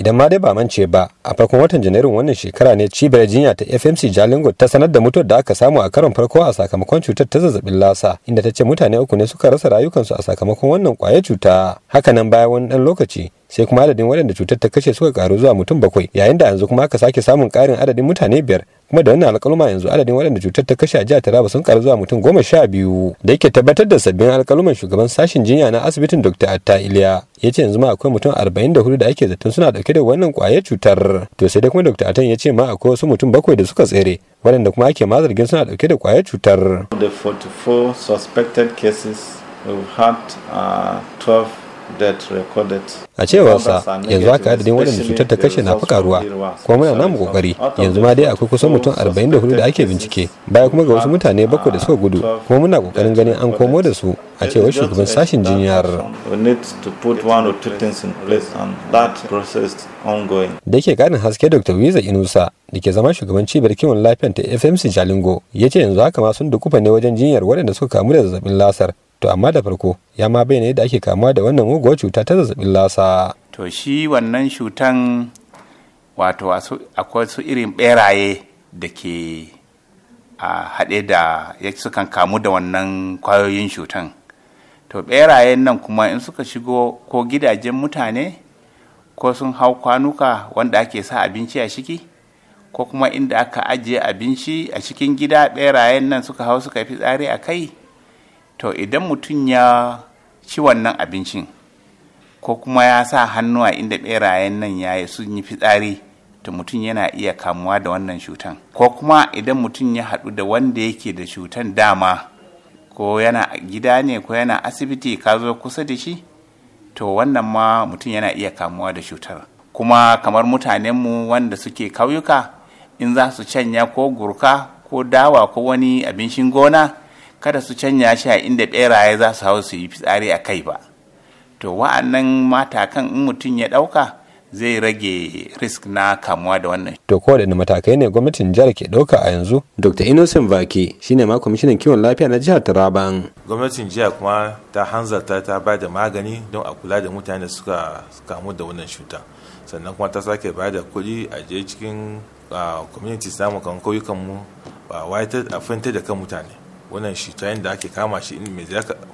idan ma dai ba mance ba a farkon watan janairun wannan shekara ne cibiyar jinya ta fmc jalingo ta sanar da mutuwar da aka samu a karon farko a sakamakon cutar ta zazzabin lasa inda ta ce mutane uku ne suka rasa rayukansu a sakamakon wannan kwayar cuta hakanan baya wani dan lokaci sai kuma adadin waɗanda cutar ta kashe suka karu zuwa mutum bakwai yayin da yanzu kuma aka sake samun ƙarin adadin mutane biyar kuma da wannan alƙaluma yanzu adadin waɗanda cutar ta kashe a jihar Taraba sun karu zuwa mutum goma sha biyu da yake tabbatar da sabbin alƙaluman shugaban sashen jinya na asibitin Dr. Atta Iliya ya ce yanzu ma akwai mutum arba'in da hudu da ake zaton suna dauke da wannan ƙwayar cutar to sai dai kuma Dr. Atan ya ce ma akwai wasu mutum bakwai da suka tsere waɗanda kuma ake ma zargin suna dauke da ƙwayar cutar. The 44 suspected cases we've had uh, 12 a cewarsa yanzu haka adadin waɗanda cutar ta kashe na ruwa kuma muna namu kokari yanzu ma dai akwai kusan mutum 44 da ake bincike baya kuma ga wasu uh, mutane bakwai da suka uh, gudu kuma muna kokarin ganin an komo da su a cewar shugaban sashen jinyar da ke ganin haske dr wiza inusa da ke zama shugaban cibiyar kiwon lafiyar ta fmc jalingo ya ce yanzu haka ma sun dukufa ne wajen jinyar waɗanda suka kamu da zazzabin lasar to amma da farko ya ma bayyana yadda ake kamuwa da wannan muguwar cuta ta zazzabin lasa to shi wannan cutan wato akwai su irin beraye da ke a haɗe da ya sukan kamu da wannan kwayoyin cutan to berayen nan kuma in suka shigo ko gidajen mutane ko sun hau kwanuka wanda ake sa abinci a ciki ko kuma inda aka ajiye abinci a cikin gida ɓerayen nan suka hau suka fi tsari a kai to idan mutum ya ci wannan abincin ko kuma ya sa hannu a inda ɓerayen nan ya yi sun yi fitsari to mutum yana iya kamuwa da wannan cutan ko kuma idan mutum ya haɗu da wanda yake da cutan dama ko yana gida ne ko yana asibiti ka zo kusa da shi to wannan ma mutum yana iya kamuwa da cutar kuma kamar mutanenmu wanda suke kauyuka in za su canya ko gurka ko dawa ko wani abincin gona kada su canya shi a inda beraye za su hau su yi fitsari a kai ba to wa'annan matakan in mutum ya ɗauka zai rage risk na kamuwa da wannan. To ko da matakai ne gwamnatin jihar ke ɗauka a yanzu? Dr. Innocent Vaki shine ma kwamishinan kiwon lafiya na jihar Taraban. Gwamnatin jiya kuma ta hanzarta ta ba da magani don a kula da mutane da suka kamu da wannan cuta. Sannan kuma ta sake ba da kuɗi a je cikin ah, community samun kan kauyukan mu a ta da kan mutane. wannan shi ta yadda ake kama shi in me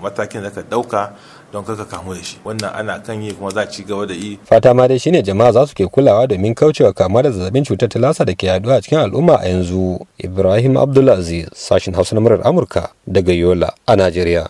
matakin zaka dauka don kaka kamu da shi wannan ana kan yi kuma za ci gaba da yi fata ma dai shine jama'a za su ke kulawa domin kaucewa kama da zazzabin cutar ta lasa da ke yaduwa a cikin al'umma a yanzu ibrahim abdulaziz sashin hausa na murar amurka daga yola a najeriya